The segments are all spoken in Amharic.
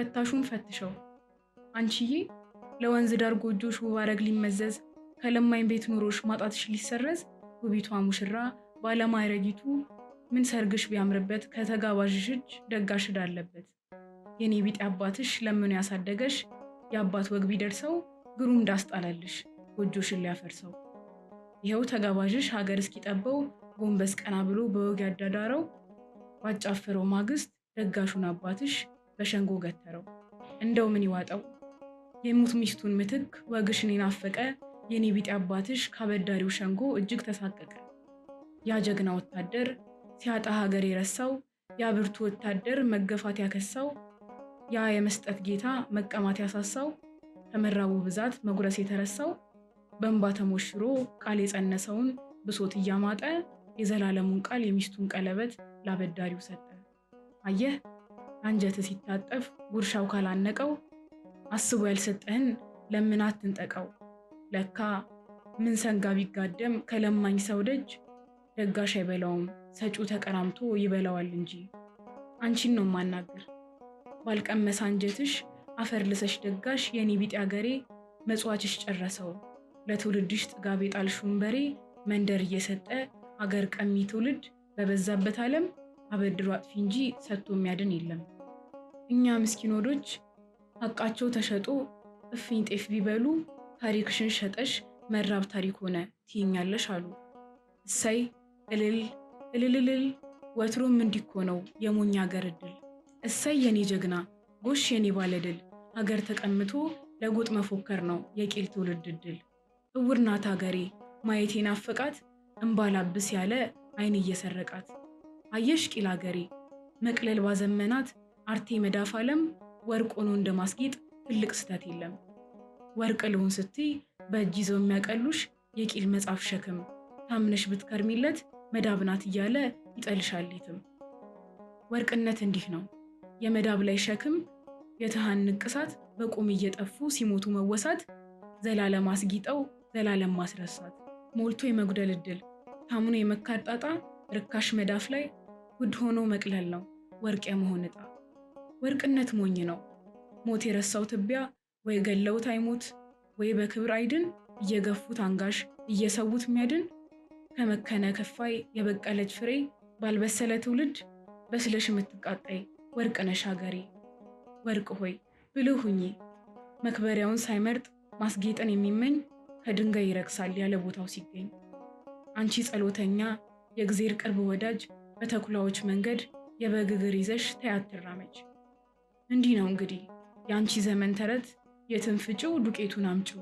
ፈታሹን ፈትሸው አንቺዬ ለወንዝ ዳር ጎጆሽ ውብ አረግ ሊመዘዝ ከለማኝ ቤት ኑሮሽ ማጣትሽ ሊሰረዝ ውቢቷ ሙሽራ ባለማይረጊቱ ምን ሰርግሽ ቢያምርበት ከተጋባዥሽ እጅ ደጋሽ ዕዳ አለበት። የኔ ቢጤ አባትሽ ለምኖ ያሳደገሽ የአባት ወግ ቢደርሰው ግሩም ዳስ ጎጆሽን ሊያፈርሰው። ይኸው ተጋባዥሽ ሀገር እስኪጠበው ጎንበስ ቀና ብሎ በወግ ያዳዳረው ባጫፈረው ማግስት ደጋሹን አባትሽ በሸንጎ ገተረው። እንደው ምን ይዋጠው የሙት ሚስቱን ምትክ ወግሽን የናፈቀ የኔ ቢጤ አባትሽ ካበዳሪው ሸንጎ እጅግ ተሳቀቀ። ያ ጀግና ወታደር ሲያጣ ሀገር የረሳው ያ ብርቱ ወታደር መገፋት ያከሳው ያ የመስጠት ጌታ መቀማት ያሳሳው ከመራቡ ብዛት መጉረስ የተረሳው በእንባ ተሞሽሮ ቃል የጸነሰውን ብሶት እያማጠ የዘላለሙን ቃል የሚስቱን ቀለበት ላበዳሪው ሰጠ። አየህ አንጀት ሲታጠፍ ጉርሻው ካላነቀው አስቦ ያልሰጠህን ለምን አትንጠቀው። ለካ ምን ሰንጋ ቢጋደም ከለማኝ ሰው ደጅ ደጋሽ አይበላውም ሰጪው ተቀራምቶ ይበላዋል እንጂ። አንቺን ነው ማናገር ባልቀመሰ አንጀትሽ አፈር ልሰሽ ደጋሽ የኔ ቢጤ አገሬ መጽዋችሽ ጨረሰው ለትውልድሽ ጥጋብ የጣልሽውን በሬ መንደር እየሰጠ አገር ቀሚ ትውልድ በበዛበት ዓለም አበድሮ አጥፊ እንጂ ሰጥቶ የሚያድን የለም። እኛ ምስኪኖዶች ሀቃቸው ተሸጦ እፍኝ ጤፍ ቢበሉ ታሪክሽን ሸጠሽ መራብ ታሪክ ሆነ ትይኛለሽ አሉ። እሰይ እልል እልልልል ወትሮም እንዲኮ ነው የሞኝ ሀገር እድል እሰይ የኔ ጀግና ጎሽ የኔ ባለድል ሀገር ተቀምቶ ለጎጥ መፎከር ነው የቂል ትውልድ እድል እውር ናት ሀገሬ ማየቴ ናፈቃት እንባላብስ ያለ አይን እየሰረቃት አየሽ ቂል ሀገሬ መቅለል ባዘመናት አርቴ መዳፍ አለም ወርቅ ሆኖ እንደማስጌጥ ትልቅ ስህተት የለም። ወርቅ ልሁን ስቲ በእጅ ይዘው የሚያቀሉሽ የቂል መጽሐፍ ሸክም ታምነሽ ብትከርሚለት መዳብናት እያለ ይጠልሻል የትም። ወርቅነት እንዲህ ነው የመዳብ ላይ ሸክም የትሃን ንቅሳት በቁም እየጠፉ ሲሞቱ መወሳት ዘላለም አስጊጠው ዘላለም ማስረሳት ሞልቶ የመጉደል እድል ታምኖ የመካጣጣ ርካሽ መዳፍ ላይ ውድ ሆኖ መቅለል ነው ወርቅ የመሆን ዕጣ። ወርቅነት ሞኝ ነው። ሞት የረሳው ትቢያ ወይ ገለውት አይሞት ወይ በክብር አይድን እየገፉት አንጋሽ እየሰዉት ሚያድን ከመከነ ከፋይ የበቀለች ፍሬ ባልበሰለ ትውልድ በስለሽ የምትቃጣይ ወርቅ ነሽ ሀገሬ። ወርቅ ሆይ ብልህ ሁኚ መክበሪያውን ሳይመርጥ ማስጌጥን የሚመኝ ከድንጋይ ይረግሳል ያለ ቦታው ሲገኝ። አንቺ ጸሎተኛ የእግዜር ቅርብ ወዳጅ በተኩላዎች መንገድ የበግ እግር ይዘሽ ተያትራመች እንዲህ ነው እንግዲህ የአንቺ ዘመን ተረት የትን ፍጪው ዱቄቱን አምጪው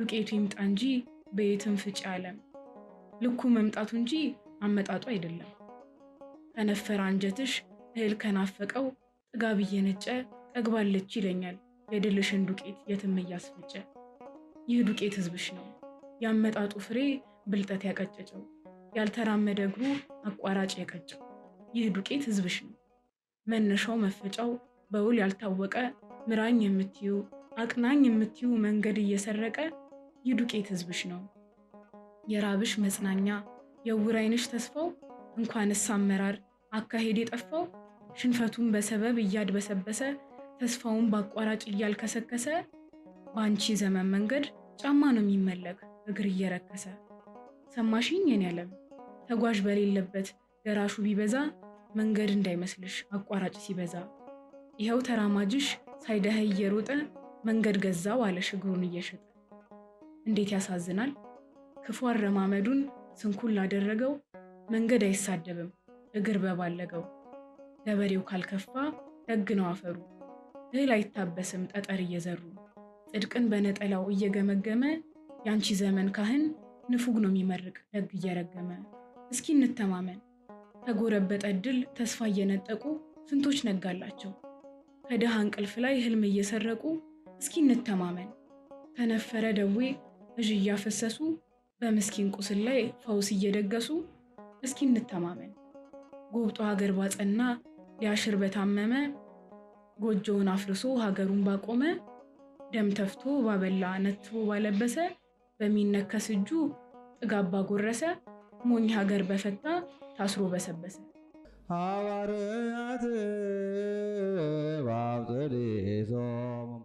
ዱቄቱ ይምጣ እንጂ በየትን ፍጪ አለም ልኩ መምጣቱ እንጂ አመጣጡ አይደለም። ከነፈረ አንጀትሽ እህል ከናፈቀው ጥጋብ እየነጨ ጠግባለች ይለኛል የድልሽን ዱቄት የትም እያስፈጨ። ይህ ዱቄት ህዝብሽ ነው ያመጣጡ ፍሬ ብልጠት ያቀጨጨው ያልተራመደ እግሩ አቋራጭ የቀጨው። ይህ ዱቄት ህዝብሽ ነው መነሻው መፈጫው በውል ያልታወቀ ምራኝ የምትዩ አቅናኝ የምትዩ መንገድ እየሰረቀ የዱቄት ህዝብሽ ነው የራብሽ መጽናኛ የውራይንሽ ተስፋው እንኳንስ አመራር አካሄድ የጠፋው ሽንፈቱን በሰበብ እያድበሰበሰ ተስፋውን በአቋራጭ እያልከሰከሰ በአንቺ ዘመን መንገድ ጫማ ነው የሚመለክ እግር እየረከሰ ሰማሽኝ የኔ ዓለም ተጓዥ በሌለበት ደራሹ ቢበዛ መንገድ እንዳይመስልሽ አቋራጭ ሲበዛ ይኸው ተራማጅሽ ሳይደህ እየሮጠ መንገድ ገዛው አለ ሽግሩን እየሸጠ። እንዴት ያሳዝናል! ክፉ አረማመዱን ስንኩል ላደረገው መንገድ አይሳደብም እግር በባለገው። ገበሬው ካልከፋ ደግ ነው አፈሩ፣ እህል አይታበስም ጠጠር እየዘሩ። ጽድቅን በነጠላው እየገመገመ ያንቺ ዘመን ካህን ንፉግ ነው የሚመርቅ ደግ እየረገመ። እስኪ እንተማመን ተጎረበጠ እድል ተስፋ እየነጠቁ ስንቶች ነጋላቸው ከድሃ እንቅልፍ ላይ ህልም እየሰረቁ እስኪ እንተማመን ከነፈረ ደዌ እዥ እያፈሰሱ በምስኪን ቁስል ላይ ፈውስ እየደገሱ እስኪ እንተማመን ጎብጦ ሀገር ባጸና ሊያሽር በታመመ ጎጆውን አፍርሶ ሀገሩን ባቆመ ደም ተፍቶ ባበላ ነትቦ ባለበሰ በሚነከስ እጁ ጥጋብ ባጎረሰ ሞኝ ሀገር በፈታ ታስሮ በሰበሰ ሐዋርያት